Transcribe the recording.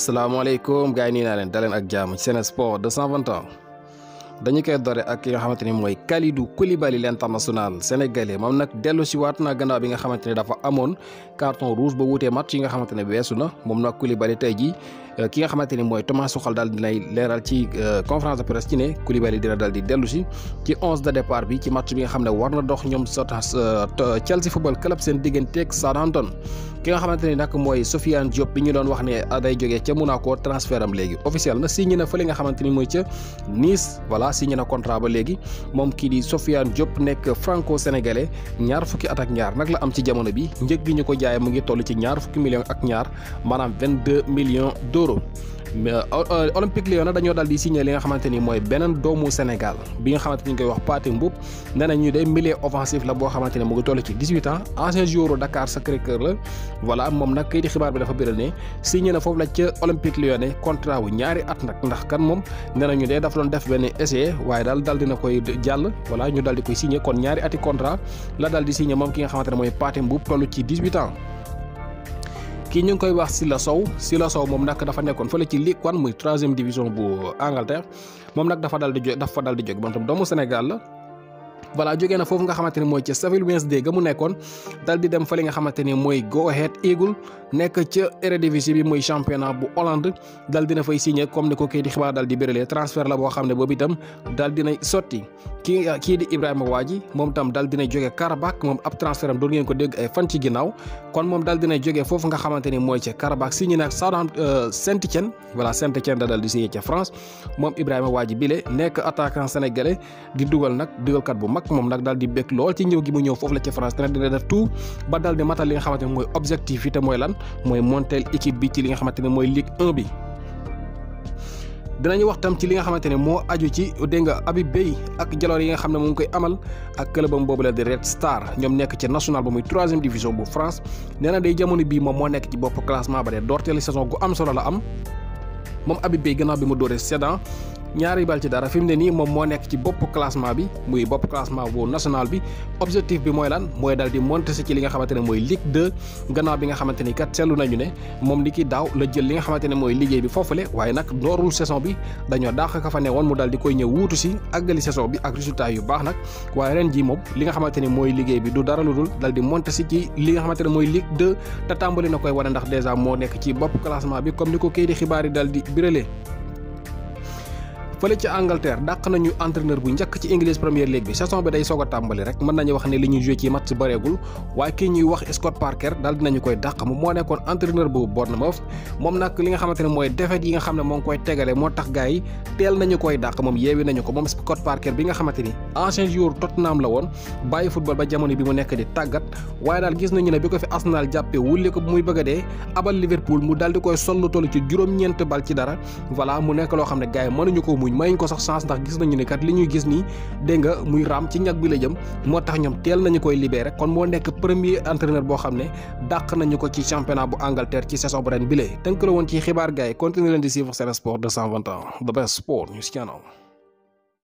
asalaamaaleykum gars yi nii naa leen daleen ak jaamu ci Sen Sport 221 dañu koy dore ak ki nga xamante ni mooy Kalidou Koulibaly l'international sénégalais moom nag dellu si waat na gannaaw bi nga xamante ne dafa amoon carton rouge ba wutee match yi nga xamante ne weesu na moom nag Koulibaly tey jii euh, ki nga xamante ni mooy Thomas Tuchel daal dinay leeral ci euh, conférence de presse ci ne Koulibaly dina daal di dellu si ci onze de départ bi ci match bi nga xam ne war na dox ñoom sota euh, Chelsea Football Club seen digganteeg Southampton ki nga xamante ni nag mooy Sofiane Diop bi ñu doon wax ne day joge ca Monaco transfert am léegi officiel na signé na fële nga xamante ni mooy ca Nice voilà signé na contrat ba léegi moom kii di Sofiane Diop nekk franco sénégalais ñaar fukki at ak ñaar nag la am ci jamono bi njëg gi ñu ko jaaye mu ngi toll ci ñaar fukki millions ak ñaar maanaam 22 million d'euros Euh, euh, Olympique Lyon dañoo daal di signé li nga xamante ni mooy beneen doomu Sénégal bi nga xamante ni ñu koy wax Pathé Mboup nee na ñu day milieu offensif la boo xamante ne mu ngi toll ci 18 ans ancien joueur Dakar Sacré-Cœur la voilà moom nag kayiti xibaar bi dafa biral ne signé na foofu la ca Olympique Lyonnais contrat wu ñaari at nag ndax kan moom nee na ñu dee dafa doon def benn essai waaye daal daal na koy jàll voilà ñu daal di koy signé kon ñaari ati contrat la daal di moom ki nga xamante ne mooy Pathé Mboup toll ci 18 ans kii ñu ngi koy wax la Sylla Sow la Sow moom nag dafa nekkoon fële ci Ligue 1 muy troisième division bu Angleterre moom nag dafa dal di jo dafa dal di jóg moom tam doomu Sénégal la. voilà jóge na foofu nga xamante ni mooy ca Sheffield Wednesday ga mu nekkoon dal di dem fële nga xamante ni mooy Go Ahead Eagles nekk ca Eredivisie bi mooy championnat bu Hollande dal dina fay signé comme ni ko kii di xibaar dal di bérélee transfert la boo xam ne boobu itam dal dinay sotti kii kii di Ibrahima Wadji moom tam dal di dina jóge Karabakh moom ab transfert am ngeen ko dégg ay fan ci ginnaaw kon moom dal dina jógee foofu nga xamante ni mooy ca Karabakh signé nag Southampton euh, Saint-Étienne voilà Saint-Étienne da dal di signé ca France moom Ibrahima Wadji bile nekk attaquant sénégalais di dugal nag dugalkat bu mag mag moom nag daal di bég lool ci ñëw gi mu ñëw foofu la ci France te nag dina def tout ba daal di matal li nga xamante ne mooy objectif yi te mooy lan mooy monter équipe bi ci li nga xamante ne mooy Ligue 1 bi. dinañu wax tam ci li nga xamante ne moo aju ci dégg nga Habib Beye ak jaloor yi nga xam ne mu ngi koy amal ak këlëbam boobu la di Red Star ñoom nekk ci national ba muy troisième division bu France nee na day jamono bii moom moo nekk ci bopp classement ba de doorteelu saison am solo la am moom Habib Beye gannaaw bi mu dooree Sedan ñaari bal ci dara fi mu ne nii moom moo nekk ci bopp classement bi muy bopp classement bu national bi objectif bi mooy lan mooy dal di monter si ci li nga xamante ne mooy Ligue 2 bi nga xamante ni kat seetlu nañu ne moom li ki daaw la jël li nga xamante ne mooy liggéey bi foofule waaye nag doorul saison bi dañoo dàq ka fa ne woon mu dal di koy ñëw wuutu si àggali saison bi ak résultat yu baax nag waaye ren ji moom li nga xamante ne mooy liggéey bi du dara lu dul dal di monter si ci li nga xamante ne mooy Ligue 2 te tàmbali na koy wane ndax moo nekk ci bopp classement bi comme ni ko kay di xibaar yi dal fële ci Angleterre dàq nañu entraîneur bu njëkk ci English Premier League bi saison bi day soog a tàmbali rek mën nañu wax ne li ñu joué ci match bareegul waaye kii ñuy wax Scott Parker daal dinañu koy dàq moom moo nekkoon entraîneur bu Bournemouth moom nag li nga xamante mooy défaite yi nga xam ne moo koy tegale moo tax gars teel nañu koy dàq moom yeewi nañu ko moom Scott Parker bi nga xamante ni ancien Tottenham la woon bàyyi football ba jamono wuñ mayuñ ko sax chance ndax gis nañu ne kat li ñuy gis nii dégg nga muy raam ci ñag bi la jëm moo tax ñoom teel nañu koy libéré kon moo nekk premier entraîneur boo xam ne dàq nañu ko ci championnat bu Angleterre ci saison bu ren bile ci xibaar gars yi continuer leen di suivre Sen Sport 221 the best sport news channel